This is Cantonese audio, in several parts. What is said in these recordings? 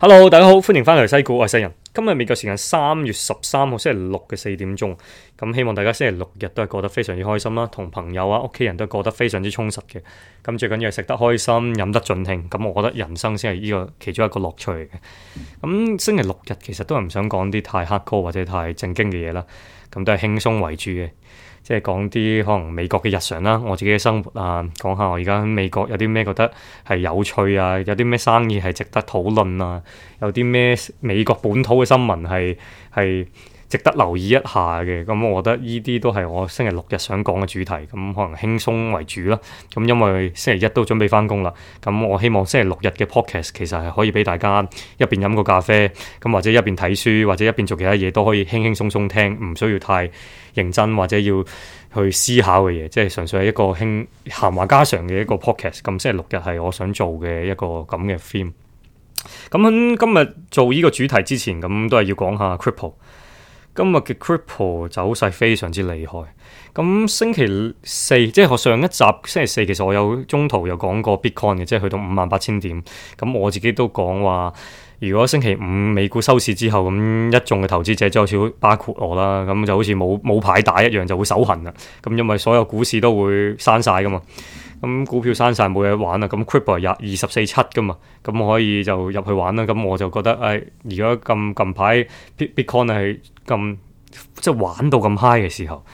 Hello，大家好，歡迎翻嚟西股，我係西人。今日美國時間三月十三號星期六嘅四點鐘，咁希望大家星期六日都係過得非常之開心啦，同朋友啊、屋企人都過得非常之充實嘅。咁最緊要係食得開心、飲得盡興，咁我覺得人生先係呢個其中一個樂趣嚟嘅。咁星期六日其實都係唔想講啲太黑歌或者太正經嘅嘢啦，咁都係輕鬆為主嘅。即係講啲可能美國嘅日常啦，我自己嘅生活啊，講下我而家喺美國有啲咩覺得係有趣啊，有啲咩生意係值得討論啊，有啲咩美國本土嘅新聞係係值得留意一下嘅，咁、嗯、我覺得呢啲都係我星期六日想講嘅主題，咁、嗯、可能輕鬆為主啦。咁、嗯、因為星期一都準備返工啦，咁、嗯、我希望星期六日嘅 podcast 其實係可以俾大家一邊飲個咖啡，咁、嗯、或者一邊睇書，或者一邊做其他嘢都可以輕輕鬆鬆聽，唔需要太認真或者要去思考嘅嘢，即係純粹係一個輕閒話家常嘅一個 podcast、嗯。咁星期六日係我想做嘅一個咁嘅 theme。咁、嗯、喺今日做呢個主題之前，咁、嗯、都係要講下 cripple。今日嘅 Crypto 走勢非常之厲害，咁星期四即係我上一集星期四，其實我有中途有講過 Bitcoin 嘅，即係去到五萬八千點。咁我自己都講話，如果星期五美股收市之後，咁一眾嘅投資者就好似包括我啦，咁就好似冇冇牌打一樣，就會手痕啦。咁因為所有股市都會刪晒㗎嘛。咁、嗯、股票閂晒冇嘢玩啦，咁 Crypto 廿二十四七噶嘛，咁、嗯、可以就入去玩啦。咁、嗯、我就覺得，誒而家咁近排 Bitcoin 係咁即係玩到咁 high 嘅時候，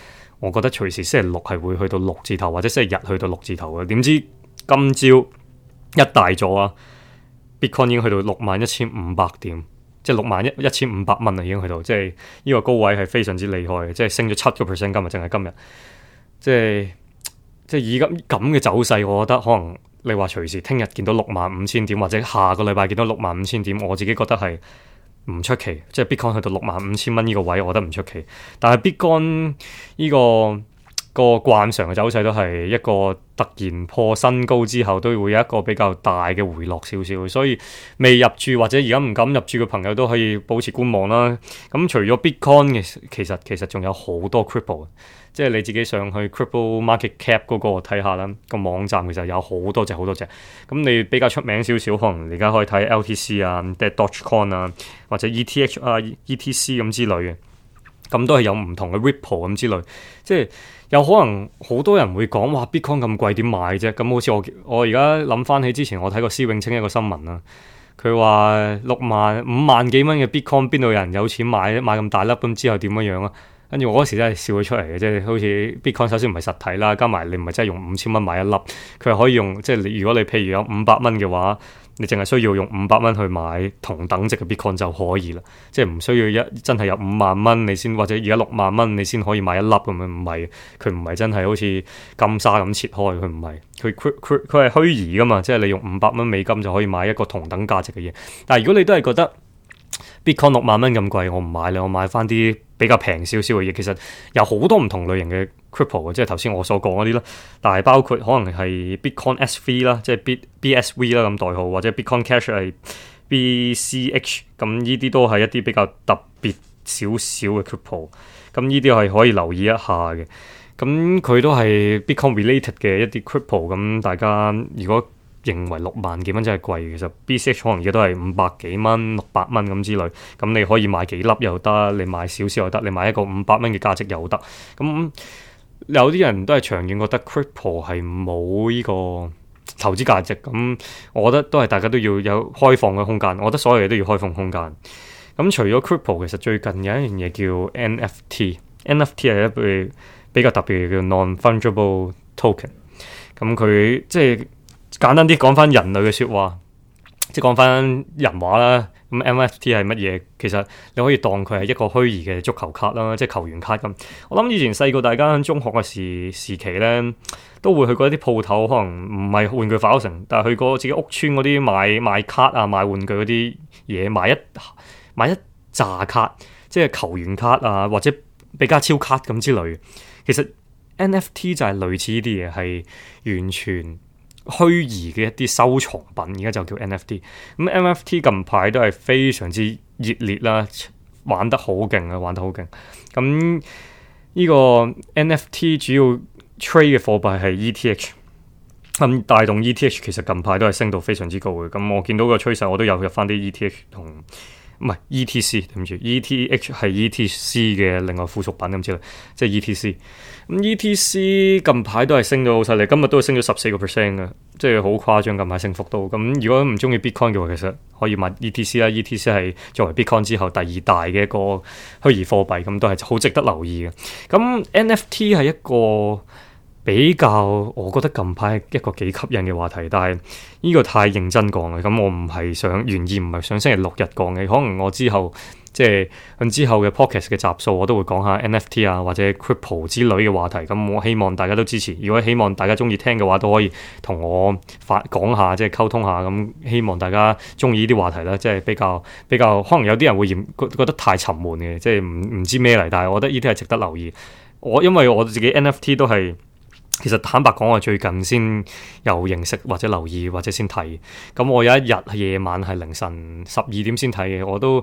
我覺得隨時星期六係會去到六字頭，或者星期日去到六字頭嘅。點知今朝一大咗啊！Bitcoin 已經去到六萬一千五百點，即係六萬一一千五百蚊啊，已經去到即係呢個高位係非常之厲害嘅，即、就、係、是、升咗七個 percent 今日，淨係今日，即、就、係、是。即係而家咁嘅走勢，我覺得可能你話隨時聽日見到六萬五千點，或者下個禮拜見到六萬五千點，我自己覺得係唔出奇。即係 Bitcoin 去到六萬五千蚊呢個位，我覺得唔出奇。但係 Bitcoin 呢、呢個、呢個、個慣常嘅走勢都係一個突然破新高之後，都會有一個比較大嘅回落少少。所以未入駐或者而家唔敢入駐嘅朋友都可以保持觀望啦。咁除咗 Bitcoin 嘅，其實其實仲有好多 Crypto。即係你自己上去 Crypto Market Cap 嗰個睇下啦，個網站其實有好多隻好多隻。咁你比較出名少少，可能而家可以睇 LTC 啊、The Doge Coin 啊，或者 ETH 啊、ETC 咁之類嘅。咁都係有唔同嘅 Ripple 咁之類。即係有可能好多人會講話 Bitcoin 咁貴點買啫？咁好似我我而家諗翻起之前我睇過施永青一個新聞啊，佢話六萬五萬幾蚊嘅 Bitcoin 邊度有人有錢買咧？買咁大粒咁之後點樣樣啊？跟住我嗰時真係笑咗出嚟嘅，即係好似 Bitcoin 首先唔係實體啦，加埋你唔係真係用五千蚊買一粒，佢可以用即係如果你譬如有五百蚊嘅話，你淨係需要用五百蚊去買同等值嘅 Bitcoin 就可以啦，即係唔需要一真係有五萬蚊你先，或者而家六萬蚊你先可以買一粒咁樣，唔係佢唔係真係好似金沙咁切開，佢唔係，佢佢佢佢係虛擬㗎嘛，即係你用五百蚊美金就可以買一個同等價值嘅嘢。但係如果你都係覺得 Bitcoin 六萬蚊咁貴，我唔買你，我買翻啲。比較平少少嘅嘢，其實有好多唔同類型嘅 crypto 嘅，即係頭先我所講嗰啲啦。但係包括可能係 Bitcoin SV 啦，即係 BBSV 啦咁代號，或者 Bitcoin Cash 係 BCH 咁，呢啲都係一啲比較特別少少嘅 crypto。咁呢啲係可以留意一下嘅。咁佢都係 Bitcoin related 嘅一啲 crypto。咁大家如果認為六萬幾蚊真係貴，其實 BCH 可能而家都係五百幾蚊、六百蚊咁之類，咁你可以買幾粒又得，你買少少又得，你買一個五百蚊嘅價值又得。咁有啲人都係長遠覺得 Crypto 係冇呢個投資價值，咁我覺得都係大家都要有開放嘅空間。我覺得所有嘢都要開放空間。咁除咗 Crypto，其實最近有一樣嘢叫 NFT，NFT 係一類比較特別嘅叫 Non-Fungible Token，咁佢即係。簡單啲講翻人類嘅説話，即係講翻人話啦。咁 NFT 係乜嘢？其實你可以當佢係一個虛擬嘅足球卡啦，即係球員卡咁。我諗以前細個大家喺中學嘅時時期呢，都會去過一啲鋪頭，可能唔係玩具化樂城，但係去過自己屋村嗰啲買買卡啊、買玩具嗰啲嘢，買一買一紮卡，即係球員卡啊，或者比卡超卡咁之類。其實 NFT 就係類似呢啲嘢，係完全。虛擬嘅一啲收藏品，而家就叫 NFT。咁 NFT 近排都係非常之熱烈啦，玩得好勁啊，玩得好勁。咁呢個 NFT 主要 trade 嘅貨幣係 ETH，咁、嗯、帶動 ETH 其實近排都係升到非常之高嘅。咁我見到個趨勢，我都有入翻啲 ETH 同唔係 ETC 對唔住。ETH 係 ETC 嘅另外附屬品咁之類，即係 ETC。咁 ETC 近排都係升到好犀利，今日都係升咗十四個 percent 嘅，即係好誇張。近排升幅都咁，如果唔中意 Bitcoin 嘅話，其實可以買 ETC 啦。ETC 係作為 Bitcoin 之後第二大嘅一個虛擬貨幣，咁都係好值得留意嘅。咁 NFT 係一個比較，我覺得近排一個幾吸引嘅話題，但係呢個太認真講嘅，咁我唔係想，願意唔係想星期六日講嘅，可能我之後。即係、嗯、之後嘅 podcast 嘅集數，我都會講下 NFT 啊，或者 crypto 之類嘅話題。咁我希望大家都支持。如果希望大家中意聽嘅話，都可以同我反講下，即係溝通下。咁、嗯、希望大家中意呢啲話題啦，即係比較比較，可能有啲人會嫌覺得太沉悶嘅，即係唔唔知咩嚟。但係我覺得呢啲係值得留意。我因為我自己 NFT 都係。其實坦白講，我最近先有認識或者留意或者先睇，咁我有一日夜晚係凌晨十二點先睇嘅，我都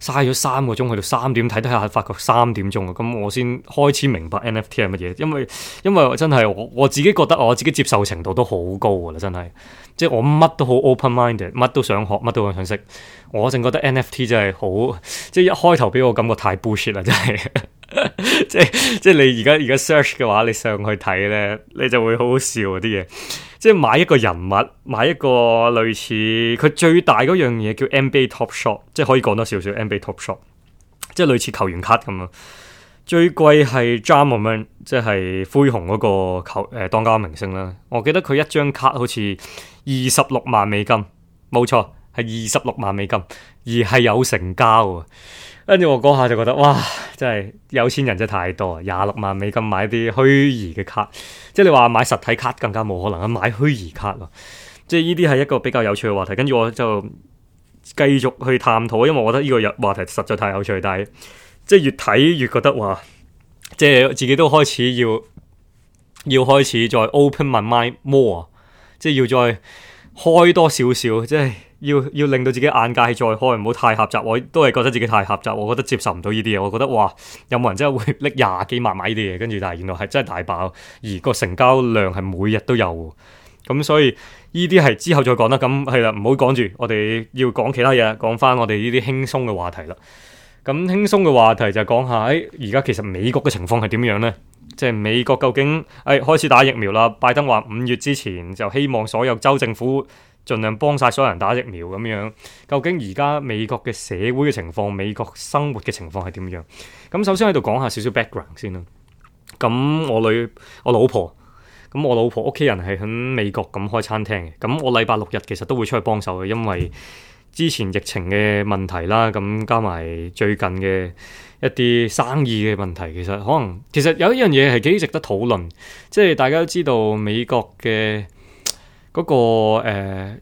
嘥咗三個鐘去到三點睇得下，都發覺三點鐘啊，咁我先開始明白 NFT 係乜嘢，因為因為真係我我自己覺得我自己接受程度都好高噶啦，真係，即係我乜都好 open minded，乜都想學，乜都想識，我淨覺得 NFT 真係好，即係一開頭俾我感覺太 bullshit 啦，真係。 即係即係你而家而家 search 嘅話，你上去睇咧，你就會好好笑嗰啲嘢。即係買一個人物，買一個類似佢最大嗰樣嘢叫 NBA Top Shot，即係可以講多少少 NBA Top Shot，即係類似球員卡咁啊。最貴係 Ja Morant 即係灰熊嗰個球誒、呃、當家明星啦。我記得佢一張卡好似二十六萬美金，冇錯係二十六萬美金，而係有成交。跟住我嗰下就覺得哇，真係有錢人真係太多，廿六萬美金買啲虛擬嘅卡，即係你話買實體卡更加冇可能啊，買虛擬卡咯，即係呢啲係一個比較有趣嘅話題。跟住我就繼續去探討，因為我覺得呢個有話題實在太有趣，但係即係越睇越覺得哇，即係自己都開始要要開始再 open my mind more，即係要再。開多少少，即係要要令到自己眼界再開，唔好太狹窄。我都係覺得自己太狹窄，我覺得接受唔到呢啲嘢。我覺得哇，有冇人真係會拎廿幾萬買呢啲嘢？跟住但係原來係真係大爆，而個成交量係每日都有。咁所以呢啲係之後再講啦。咁係啦，唔好講住，我哋要講其他嘢喇，講翻我哋呢啲輕鬆嘅話題啦。咁輕鬆嘅話題就係講下，誒而家其實美國嘅情況係點樣呢？即係美國究竟誒、哎、開始打疫苗啦，拜登話五月之前就希望所有州政府盡量幫晒所有人打疫苗咁樣。究竟而家美國嘅社會嘅情況、美國生活嘅情況係點樣？咁首先喺度講下少少 background 先啦。咁我女、我老婆，咁我老婆屋企人係喺美國咁開餐廳嘅，咁我禮拜六日其實都會出去幫手嘅，因為。之前疫情嘅問題啦，咁加埋最近嘅一啲生意嘅問題，其實可能其實有一樣嘢係幾值得討論，即係大家都知道美國嘅嗰個，呃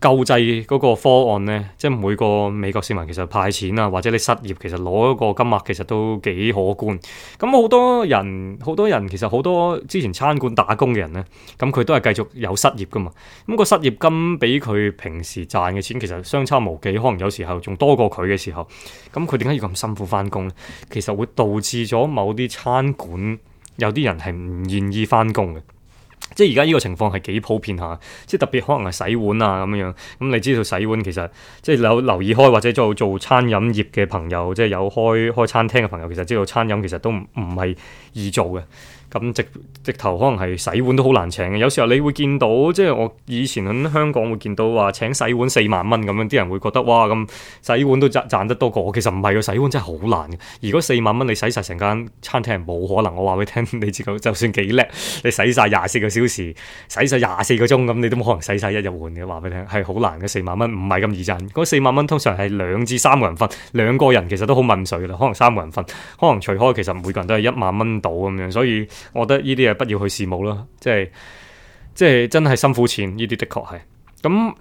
救濟嗰個方案呢，即係每個美國市民其實派錢啊，或者你失業其實攞一個金額其實都幾可觀。咁好多人，好多人其實好多之前餐館打工嘅人呢，咁佢都係繼續有失業噶嘛。咁個失業金比佢平時賺嘅錢其實相差無幾，可能有時候仲多過佢嘅時候。咁佢點解要咁辛苦翻工咧？其實會導致咗某啲餐館有啲人係唔願意翻工嘅。即係而家呢個情況係幾普遍下，即係特別可能係洗碗啊咁樣樣。咁、嗯、你知道洗碗其實即係有留意開或者做做餐飲業嘅朋友，即係有開開餐廳嘅朋友，其實知道餐飲其實都唔唔係易做嘅。咁直直頭可能係洗碗都好難請嘅，有時候你會見到，即係我以前喺香港會見到話請洗碗四萬蚊咁樣，啲人會覺得哇咁洗碗都賺賺得多過我，其實唔係嘅，洗碗真係好難。如果四萬蚊你洗晒成間餐廳冇可能，我話俾你聽，你知嘅，就算幾叻，你洗晒廿四個小時，洗晒廿四個鐘咁，你都冇可能洗晒一日碗嘅。話俾你聽係好難嘅，四萬蚊唔係咁易賺。嗰四萬蚊通常係兩至三個人分，兩個人其實都好問水嘅啦，可能三個人分，可能除開其實每個人都係一萬蚊到咁樣，所以。我覺得呢啲嘢，不要去羨慕啦，即係即係真係辛苦錢，呢啲的確係咁，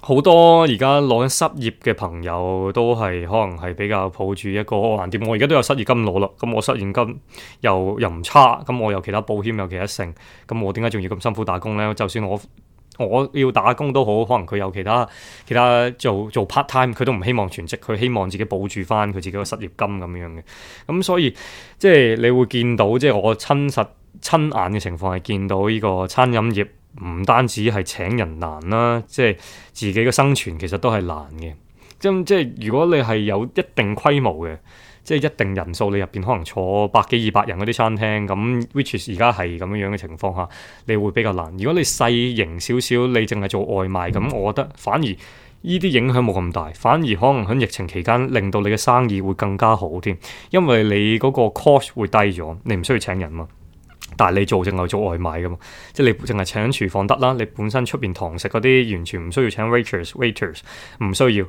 好多而家攞緊失業嘅朋友都係可能係比較抱住一個難點，我而家都有失業金攞啦，咁我失業金又又唔差，咁我有其他保險有其他剩，咁我點解仲要咁辛苦打工呢？就算我。我要打工都好，可能佢有其他其他做做 part time，佢都唔希望全職，佢希望自己保住翻佢自己嘅失業金咁樣嘅。咁所以即係你會見到，即係我親實親眼嘅情況係見到呢個餐飲業唔單止係請人難啦，即係自己嘅生存其實都係難嘅。即咁即係如果你係有一定規模嘅。即係一定人數面，你入邊可能坐百幾二百人嗰啲餐廳，咁 waiters 而家係咁樣樣嘅情況下，你會比較難。如果你細型少少，你淨係做外賣咁，嗯、我覺得反而呢啲影響冇咁大，反而可能喺疫情期間令到你嘅生意會更加好添，因為你嗰個 cost 會低咗，你唔需要請人嘛。但係你做淨係做外賣噶嘛，即係你淨係請廚房得啦。你本身出邊堂食嗰啲完全唔需要請 waiters，waiters 唔需要。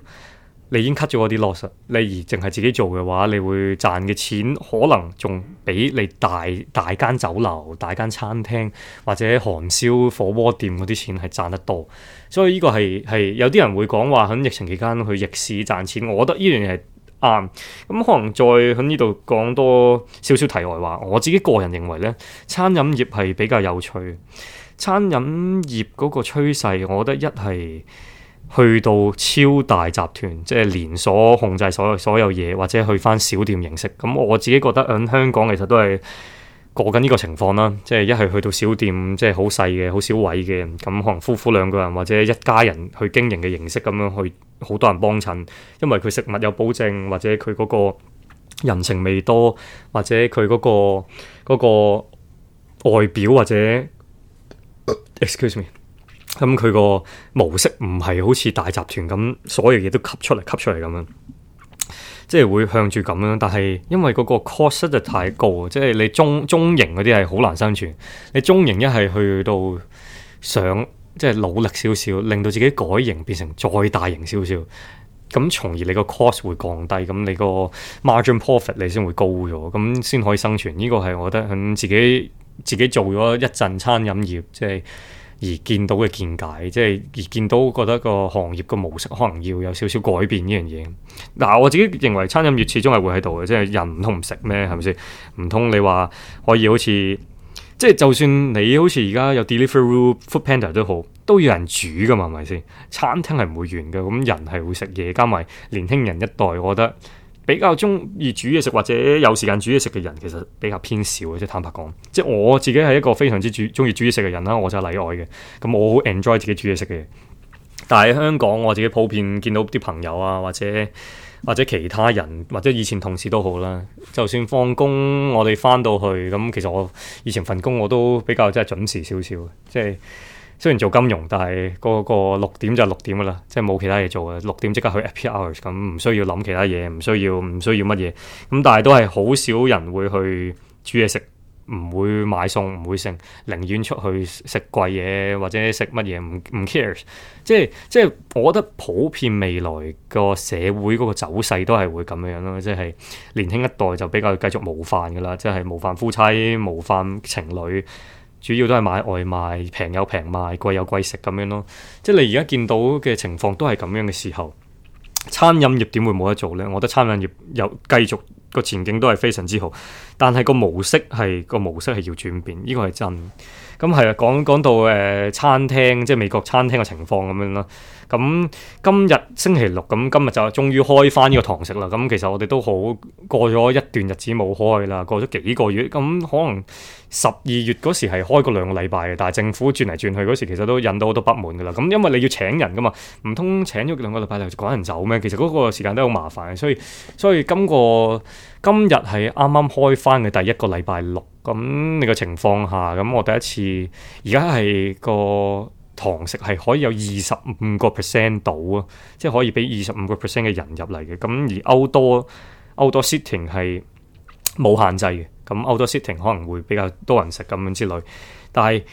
你已經 cut 咗我啲 loss，你而淨係自己做嘅話，你會賺嘅錢可能仲比你大大間酒樓、大間餐廳或者韓燒火鍋店嗰啲錢係賺得多，所以呢個係係有啲人會講話喺疫情期間去逆市賺錢，我覺得依樣嘢係啱。咁、嗯、可能再喺呢度講多少少題外話，我自己個人認為呢餐飲業係比較有趣。餐飲業嗰個趨勢，我覺得一係。去到超大集團，即係連鎖控制所有所有嘢，或者去翻小店形式。咁我自己覺得響香港其實都係過緊呢個情況啦。即係一係去到小店，即係好細嘅、好少位嘅，咁可能夫婦兩個人或者一家人去經營嘅形式咁樣去，好多人幫襯，因為佢食物有保證，或者佢嗰個人情味多，或者佢嗰個嗰個外表或者 excuse me。咁佢個模式唔係好似大集團咁，所有嘢都吸出嚟吸出嚟咁樣，即係會向住咁樣。但係因為嗰個 cost 實在太高，即係你中中型嗰啲係好難生存。你中型一係去到想，即係努力少少，令到自己改型變成再大型少少，咁、嗯、從而你個 cost 會降低，咁你個 margin profit 你先會高咗，咁、嗯、先可以生存。呢個係我覺得喺自己自己做咗一陣餐飲業，即係。而見到嘅見解，即係而見到覺得個行業個模式可能要有少少改變呢樣嘢。嗱，我自己認為餐飲業始終係會喺度嘅，即係人唔通唔食咩？係咪先？唔通你話可以好似即係就算你好似而家有 Deliveroo、Food Panda 都好，都要人煮噶嘛？係咪先？餐廳係唔會完嘅，咁人係會食嘢，加埋年輕人一代，我覺得。比較中意煮嘢食，或者有時間煮嘢食嘅人，其實比較偏少嘅，即坦白講，即係我自己係一個非常之煮中意煮嘢食嘅人啦，我就係例外嘅。咁我好 enjoy 自己煮嘢食嘅，但係喺香港我自己普遍見到啲朋友啊，或者或者其他人或者以前同事都好啦，就算放工我哋返到去咁，其實我以前份工我都比較即係準時少少即係。雖然做金融，但係嗰個六點就六點噶啦，即係冇其他嘢做嘅。六點即刻去 happy hour 咁，唔需要諗其他嘢，唔需要唔需要乜嘢。咁但係都係好少人會去煮嘢食，唔會買餸，唔會剩，寧願出去食貴嘢或者食乜嘢唔唔 care。即係即係，我覺得普遍未來個社會嗰個走勢都係會咁樣樣咯，即係年輕一代就比較繼續模範噶啦，即係模範夫妻、模範情侶。主要都係買外賣，平有平賣，貴有貴食咁樣咯。即係你而家見到嘅情況都係咁樣嘅時候，餐飲業點會冇得做呢？我覺得餐飲業又繼續個前景都係非常之好，但係個模式係，個模式係要轉變，呢個係真。咁係啊，講講到誒、呃、餐廳，即係美國餐廳嘅情況咁樣啦。咁、嗯、今日星期六，咁、嗯、今日就係終於開翻呢個堂食啦。咁、嗯、其實我哋都好過咗一段日子冇開啦，過咗幾個月。咁、嗯、可能十二月嗰時係開過兩個禮拜嘅，但係政府轉嚟轉去嗰時，其實都引到好多不滿噶啦。咁、嗯、因為你要請人噶嘛，唔通請咗兩個禮拜就趕人走咩？其實嗰個時間都好麻煩，所以所以今、個今日係啱啱開翻嘅第一個禮拜六。咁你、嗯這個情況下，咁、嗯、我第一次而家係個堂食係可以有二十五個 percent 到啊，即係可以俾二十五個 percent 嘅人入嚟嘅。咁、嗯、而 outdoor outdoor setting 係冇限制嘅，咁、嗯、outdoor setting 可能會比較多人食咁樣之類。但係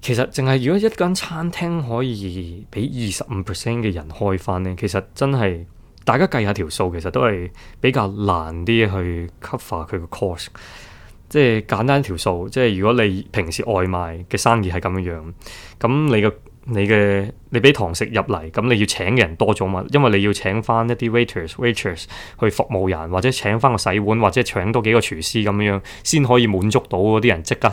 其實淨係如果一間餐廳可以俾二十五 percent 嘅人開翻呢，其實真係大家計下條數，其實都係比較難啲去 cover 佢個 cost。即係簡單一條數，即係如果你平時外賣嘅生意係咁樣樣，咁你嘅你嘅你俾堂食入嚟，咁你要請嘅人多咗嘛？因為你要請翻一啲 waiters waitress 去服務人，或者請翻個洗碗，或者請多幾個廚師咁樣，先可以滿足到嗰啲人即刻。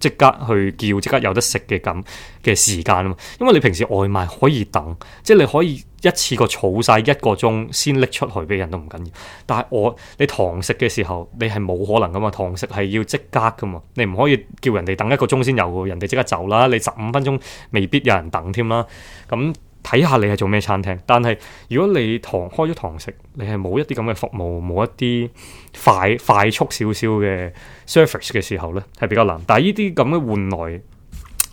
即刻去叫，即刻有得食嘅咁嘅時間啊！因為你平時外賣可以等，即係你可以一次過儲晒一個鐘先拎出去俾人都唔緊要。但係我你堂食嘅時候，你係冇可能噶嘛？堂食係要即刻噶嘛？你唔可以叫人哋等一個鐘先有，人哋即刻走啦。你十五分鐘未必有人等添啦。咁。睇下你係做咩餐廳，但係如果你堂開咗堂食，你係冇一啲咁嘅服務，冇一啲快快速少少嘅 service 嘅時候呢，係比較難。但係呢啲咁嘅換來，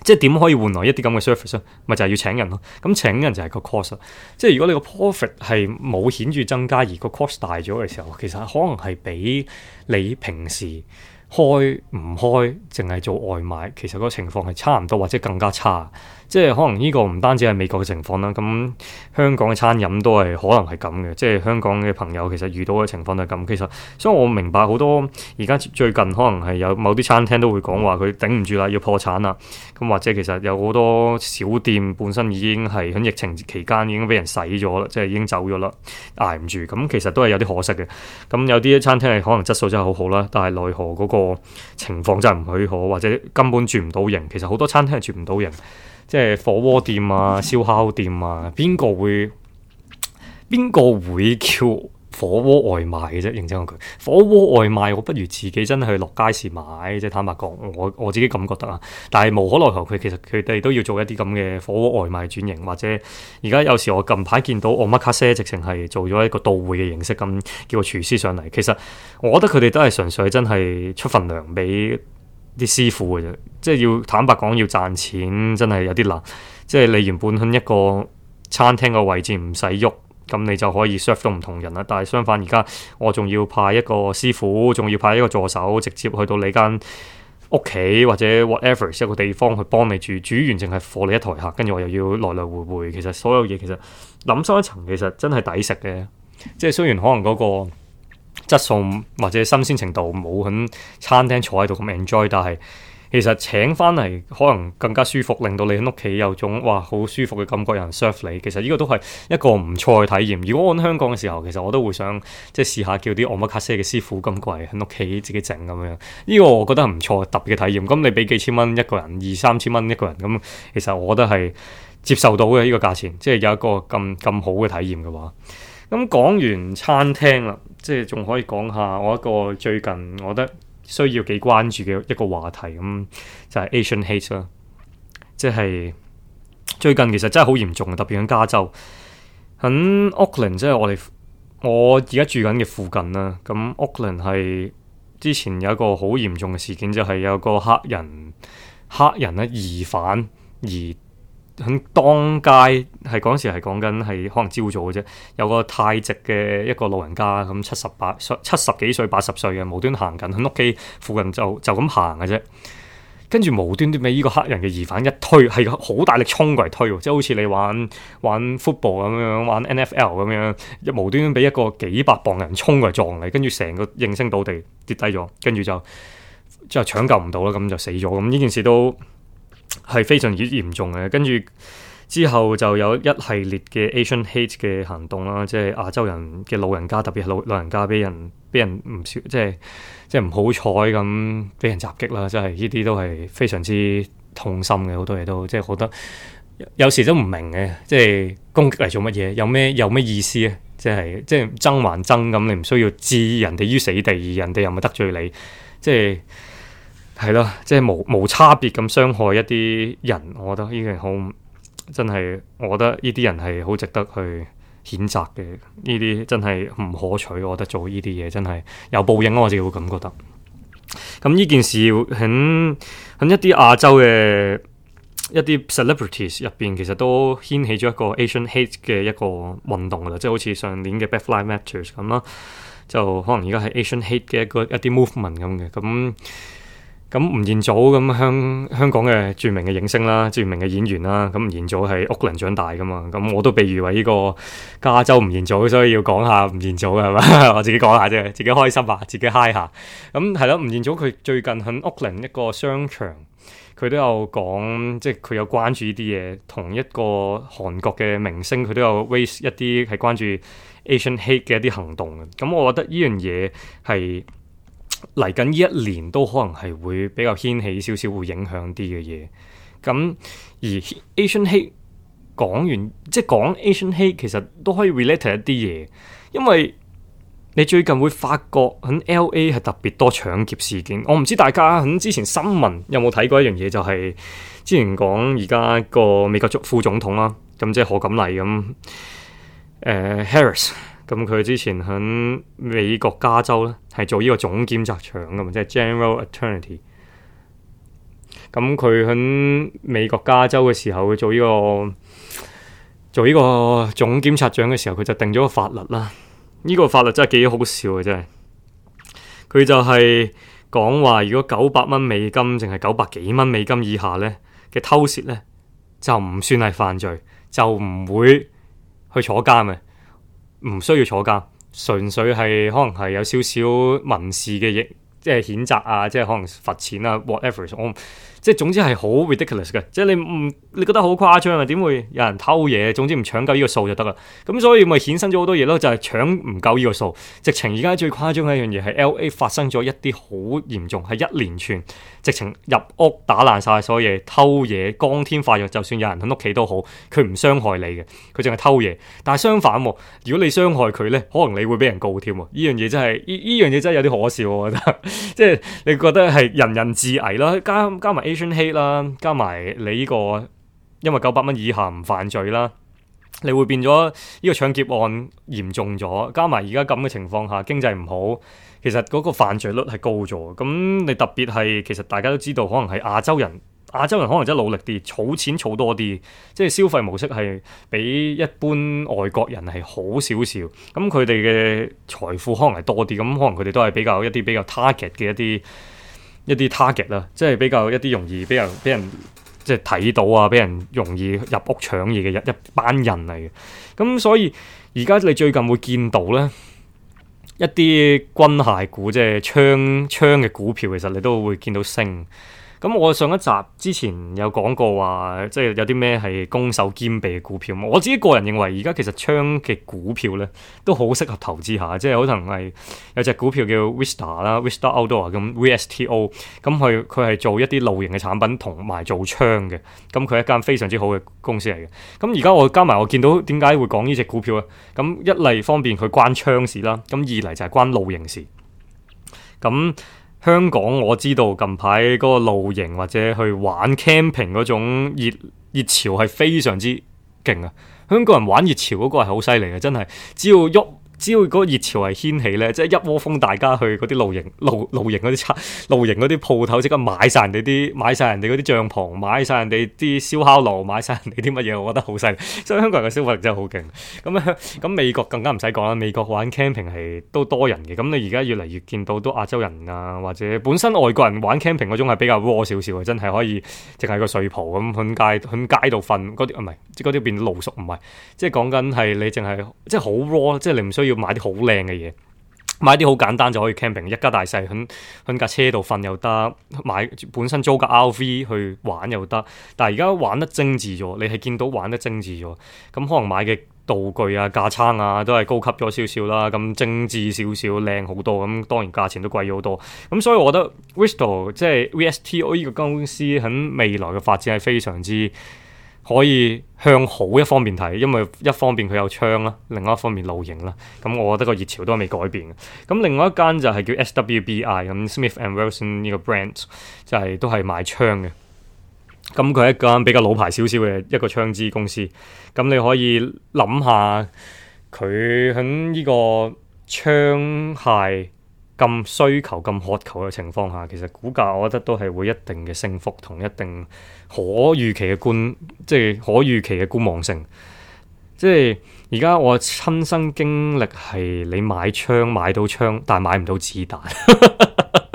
即係點可以換來一啲咁嘅 service 啊？咪就係、是、要請人咯。咁請人就係個 cost，即係如果你個 profit 係冇顯著增加，而個 cost 大咗嘅時候，其實可能係比你平時開唔開，淨係做外賣，其實個情況係差唔多，或者更加差。即係可能呢個唔單止係美國嘅情況啦，咁香港嘅餐飲都係可能係咁嘅，即係香港嘅朋友其實遇到嘅情況都係咁。其實所以我明白好多而家最近可能係有某啲餐廳都會講話佢頂唔住啦，要破產啦。咁或者其實有好多小店本身已經係喺疫情期間已經俾人洗咗啦，即係已經走咗啦，捱唔住。咁其實都係有啲可惜嘅。咁有啲餐廳係可能質素真係好好啦，但係奈何嗰個情況真係唔許可，或者根本轉唔到型。其實好多餐廳係轉唔到型。即係火鍋店啊，燒烤店啊，邊個會邊個會叫火鍋外賣嘅啫？認真講句，火鍋外賣我不如自己真係落街市買。即係坦白講，我我自己咁覺得啊。但係無可奈何，佢其實佢哋都要做一啲咁嘅火鍋外賣轉型。或者而家有時我近排見到我乜卡啡直情係做咗一個到會嘅形式，咁叫個廚師上嚟。其實我覺得佢哋都係純粹真係出份糧俾。啲師傅嘅啫，即係要坦白講，要賺錢真係有啲難。即係你原本喺一個餐廳嘅位置唔使喐，咁你就可以 serve 到唔同人啦。但係相反，而家我仲要派一個師傅，仲要派一個助手，直接去到你間屋企或者 whatever 一個地方去幫你煮。煮完淨係放你一台客，跟住我又要來來回回。其實所有嘢其實諗深一層，其實真係抵食嘅。即係雖然可能嗰個。質素或者新鮮程度冇喺餐廳坐喺度咁 enjoy，但係其實請翻嚟可能更加舒服，令到你喺屋企有種哇好舒服嘅感覺有人 serve 你，其實呢個都係一個唔錯嘅體驗。如果我喺香港嘅時候，其實我都會想即係試下叫啲奧馬卡西嘅師傅咁嚟喺屋企自己整咁樣，呢、這個我覺得唔錯，特別嘅體驗。咁你俾幾千蚊一個人，二三千蚊一個人，咁其實我覺得係接受到嘅呢、這個價錢，即係有一個咁咁好嘅體驗嘅話。咁講完餐廳啦，即係仲可以講下我一個最近我覺得需要幾關注嘅一個話題咁，就係 Asian Hate 啦，即係最近其實真係好嚴重，特別喺加州，喺 Oakland 即係我哋我而家住緊嘅附近啦。咁 Oakland 係之前有一個好嚴重嘅事件，就係有個黑人黑人咧疑犯疑。喺當街，係嗰時係講緊係可能朝早嘅啫，有個泰籍嘅一個老人家，咁七十八、七十幾歲、八十歲嘅無端行緊，喺屋企附近就就咁行嘅啫。跟住無端端俾呢個黑人嘅疑犯一推，係好大力衝過嚟推喎，即係好似你玩玩 football 咁樣，玩 NFL 咁樣，無端端俾一個幾百磅人衝過嚟撞你，跟住成個應聲倒地跌低咗，跟住就即係搶救唔到啦，咁就死咗。咁呢件事都。係非常之嚴重嘅，跟住之後就有一系列嘅 Asian Hate 嘅行動啦，即係亞洲人嘅老人家，特別係老老人家俾人俾人唔少，即係即係唔好彩咁俾人襲擊啦，即係呢啲都係非常之痛心嘅，好多嘢都即係覺得有時都唔明嘅，即係攻擊嚟做乜嘢？有咩有咩意思啊？即係即係爭還爭咁，你唔需要置人哋於死地，而人哋又咪得罪你？即係。係咯，即係無無差別咁傷害一啲人，我覺得呢件好真係。我覺得呢啲人係好值得去譴責嘅。呢啲真係唔可取，我覺得做呢啲嘢真係有報應。我自己會咁覺得。咁呢件事喺喺一啲亞洲嘅一啲 celebrities 入邊，其實都掀起咗一個 Asian hate 嘅一個運動啦，即係好似上年嘅 Black Lives Matter 咁啦，就可能而家係 Asian hate 嘅一個一啲 movement 咁嘅咁。咁吳彥祖咁香香港嘅著名嘅影星啦，著名嘅演員啦。咁吳彥祖喺屋崙長大噶嘛，咁我都被譽為呢個加州吳彥祖，所以要講下吳彥祖嘅係嘛？ 我自己講下啫，自己開心啊，自己嗨下。咁係咯，吳彥祖佢最近喺屋崙一個商場，佢都有講，即係佢有關注呢啲嘢，同一個韓國嘅明星，佢都有 raise 一啲係關注 Asian Hate 嘅一啲行動。咁我覺得呢樣嘢係。嚟緊呢一年都可能係會比較掀起少少會影響啲嘅嘢，咁而 Asian Hate 講完即係講 Asian Hate，其實都可以 relate 一啲嘢，因為你最近會發覺喺 LA 係特別多搶劫事件，我唔知大家喺之前新聞有冇睇過一樣嘢，就係、是、之前講而家個美國副總統啦，咁即係賀錦麗咁、呃、Harris。咁佢之前喺美國加州咧，係做呢個總檢察長噶嘛，即係 General Attorney。咁佢喺美國加州嘅時候，做呢個做呢個總檢察長嘅時候，佢就定咗個法律啦。呢個法律真係幾好笑啊！真係，佢就係講話如果九百蚊美金，淨係九百幾蚊美金以下咧嘅偷竊咧，就唔算係犯罪，就唔會去坐監嘅。唔需要坐監，純粹係可能係有少少民事嘅嘢，即係譴責啊，即係可能罰錢啊，whatever。我唔。即係總之係好 ridiculous 嘅，即係你唔你覺得好誇張啊？點會有人偷嘢？總之唔搶夠呢個數就得啦。咁所以咪衍生咗好多嘢咯，就係、是、搶唔夠呢個數。直情而家最誇張嘅一樣嘢係 L.A. 發生咗一啲好嚴重，係一連串直情入屋打爛晒所有嘢，偷嘢，光天化日就算有人喺屋企都好，佢唔傷害你嘅，佢淨係偷嘢。但係相反喎，如果你傷害佢呢，可能你會俾人告添喎。呢樣嘢真係呢呢樣嘢真係有啲可笑，我覺得。即係你覺得係人人自危啦，加加埋。h e 啦，加埋你呢、這個，因為九百蚊以下唔犯罪啦，你會變咗呢個搶劫案嚴重咗。加埋而家咁嘅情況下，經濟唔好，其實嗰個犯罪率係高咗。咁你特別係其實大家都知道，可能係亞洲人，亞洲人可能真係努力啲，儲錢儲多啲，即係消費模式係比一般外國人係好少少。咁佢哋嘅財富可能係多啲，咁可能佢哋都係比較一啲比較 target 嘅一啲。一啲 target 啦，即係比較一啲容易俾人俾人即係睇到啊，俾人容易入屋搶嘢嘅一一班人嚟嘅。咁所以而家你最近會見到呢，一啲軍械股，即係槍槍嘅股票，其實你都會見到升。咁我上一集之前有講過話，即係有啲咩係攻守兼備嘅股票，我自己個人認為，而家其實槍嘅股票咧都好適合投資下，即係可能係有隻股票叫 Vista 啦，Vista Outdoor 咁，VSTO 咁佢佢係做一啲露營嘅產品同埋做槍嘅，咁佢係一間非常之好嘅公司嚟嘅。咁而家我加埋我見到點解會講呢隻股票咧？咁一嚟方便佢關槍事啦，咁二嚟就係關露營事，咁。香港我知道近排嗰個露營或者去玩 camping 嗰種熱熱潮係非常之勁啊！香港人玩熱潮嗰個係好犀利嘅，真係只要喐。只要嗰個熱潮係掀起咧，即係一窩蜂大家去嗰啲露營露露營嗰啲餐露營啲鋪頭，即刻買晒人哋啲買晒人哋嗰啲帳篷，買晒人哋啲燒烤爐，買晒人哋啲乜嘢，我覺得好犀利。所以香港人嘅消費力真係好勁。咁咁美國更加唔使講啦，美國玩 camping 係都多人嘅。咁你而家越嚟越見到都亞洲人啊，或者本身外國人玩 camping 嗰種係比較 raw 少少嘅，真係可以淨係個睡袍咁喺街街度瞓嗰啲，唔係即嗰啲變露宿唔係，即係講緊係你淨係即係好 raw，即係你唔需要。要買啲好靚嘅嘢，買啲好簡單就可以 camping，一家大細響響架車度瞓又得，買本身租架 RV 去玩又得。但係而家玩得精緻咗，你係見到玩得精緻咗，咁可能買嘅道具啊、架撐啊都係高級咗少少啦，咁精緻少少，靚好多，咁當然價錢都貴咗好多。咁所以我覺得 Vista 即係 VSTO 呢個公司喺未來嘅發展係非常之。可以向好一方面睇，因為一方面佢有槍啦，另外一方面露營啦。咁我覺得個熱潮都係未改變嘅。咁另外一間就係叫 SWBI，咁 Smith and Wilson 呢個 brand 就係都係賣槍嘅。咁佢係一間比較老牌少少嘅一個槍支公司。咁你可以諗下佢響呢個槍械，咁需求咁渴求嘅情況下，其實股價我覺得都係會一定嘅升幅同一定可預期嘅觀，即係可預期嘅觀望性。即係而家我親身經歷係，你買槍買到槍，但係買唔到子彈。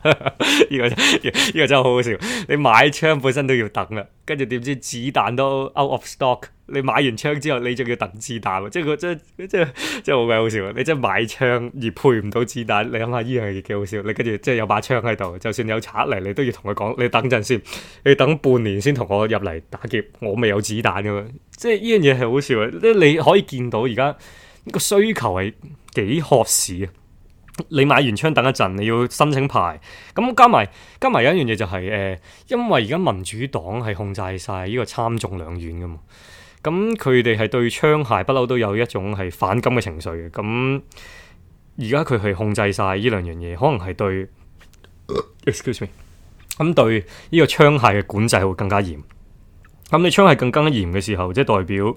呢、 這個呢、這個真係好好笑！你買槍本身都要等啦，跟住點知子彈都 out of stock？你買完槍之後，你仲要等子彈？即係佢真即係真係好鬼好笑！你真係買槍而配唔到子彈，你諗下呢樣嘢幾好笑？你跟住即係有把槍喺度，就算有賊嚟，你都要同佢講：你等陣先，你等半年先同我入嚟打劫，我未有子彈咁樣。即係呢樣嘢係好笑，即係你可以見到而家呢個需求係幾渴市啊！你買完槍等一陣，你要申請牌。咁加埋加埋有一樣嘢，就係、是，誒、呃，因為而家民主黨係控制晒呢個參眾兩院㗎嘛，咁佢哋係對槍械不嬲都有一種係反感嘅情緒嘅。咁而家佢係控制晒呢兩樣嘢，可能係對 excuse me，咁對呢個槍械嘅管制會更加嚴。咁你槍械更加嚴嘅時候，即係代表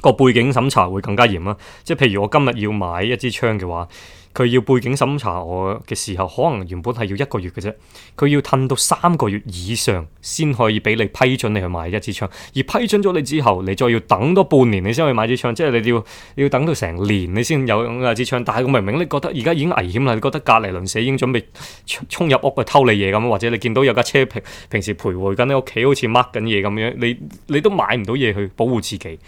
個背景審查會更加嚴啦。即係譬如我今日要買一支槍嘅話。佢要背景審查我嘅時候，可能原本係要一個月嘅啫，佢要褪到三個月以上先可以俾你批准你去買一支槍。而批准咗你之後，你再要等多半年你先去買支槍，即係你要你要等到成年你先有支槍。但係我明明你覺得而家已經危險啦，你覺得隔離鄰舍已經準備衝入屋去偷你嘢咁，或者你見到有架車平平時徘徊緊喺屋企，好似掹緊嘢咁樣，你你都買唔到嘢去保護自己，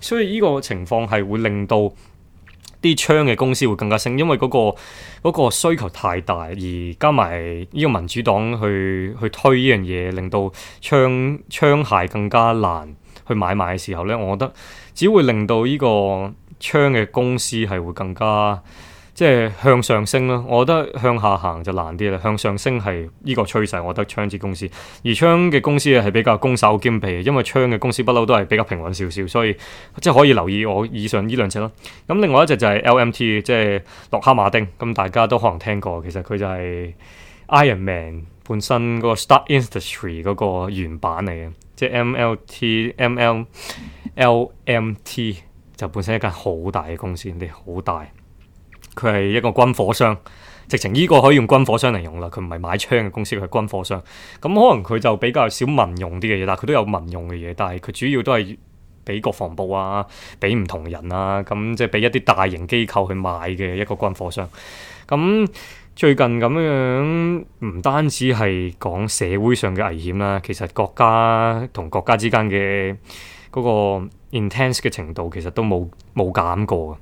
所以呢個情況係會令到。啲槍嘅公司會更加升，因為嗰個嗰個需求太大，而加埋呢個民主黨去去推呢樣嘢，令到槍槍械更加難去買賣嘅時候呢，我覺得只會令到呢個槍嘅公司係會更加。即係向上升咯，我覺得向下行就難啲啦。向上升係呢個趨勢，我覺得槍支公司，而槍嘅公司咧係比較攻守兼備，因為槍嘅公司不嬲都係比較平穩少少，所以即係可以留意我以上呢兩隻咯。咁另外一隻就係 LMT，即係洛克馬丁。咁大家都可能聽過，其實佢就係 Iron Man 本身嗰個 Stark Industry 嗰個原版嚟嘅，即係 MLT ML, ML LMT 就本身一間好大嘅公司，你好大。佢係一個軍火商，直情呢個可以用軍火商嚟用啦。佢唔係買槍嘅公司，佢係軍火商。咁、嗯、可能佢就比較少民用啲嘅嘢，但係佢都有民用嘅嘢。但係佢主要都係俾國防部啊，俾唔同人啊，咁、嗯、即係俾一啲大型機構去買嘅一個軍火商。咁、嗯、最近咁樣，唔單止係講社會上嘅危險啦，其實國家同國家之間嘅嗰個 intense 嘅程度，其實都冇冇減過嘅。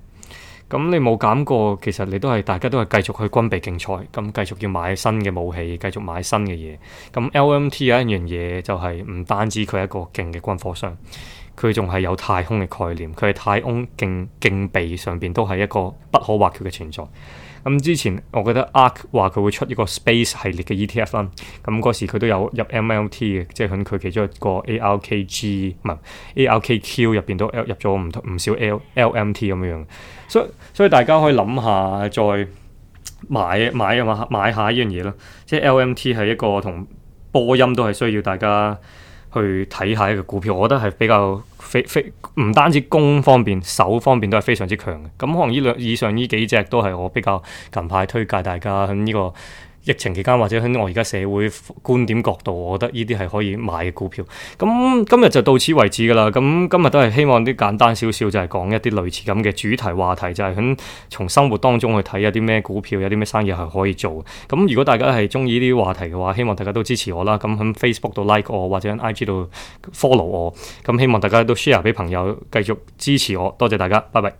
咁、嗯、你冇減過，其實你都係大家都係繼續去軍備競賽，咁、嗯、繼續要買新嘅武器，繼續買新嘅嘢。咁、嗯、LMT 有一樣嘢就係唔單止佢係一個勁嘅軍火商，佢仲係有太空嘅概念，佢係太空競競備上面都係一個不可或缺嘅存在。咁、嗯、之前我覺得 ARK 話佢會出一個 Space 系列嘅 ETF 啦、嗯，咁、嗯、嗰時佢都有入 MLT 嘅，即係佢其中一個 ARKG 唔係 ARKQ 入邊都入咗唔唔少 LMT 咁樣嘅，所以所以大家可以諗下再買買啊買,買一下呢樣嘢咯，即係 LMT 係一個同波音都係需要大家。去睇下一個股票，我覺得係比較非非唔單止攻方面，守方面都係非常之強嘅。咁可能呢兩以上呢幾隻都係我比較近排推介大家咁呢、嗯這個。疫情期間或者喺我而家社會觀點角度，我覺得呢啲係可以買嘅股票。咁今日就到此為止噶啦。咁今日都係希望啲簡單少少，就係講一啲類似咁嘅主題話題，就係喺從生活當中去睇有啲咩股票，有啲咩生意係可以做。咁如果大家係中意啲話題嘅話，希望大家都支持我啦。咁喺 Facebook 度 like 我，或者喺 IG 度 follow 我。咁希望大家都 share 俾朋友，繼續支持我。多謝大家，拜拜。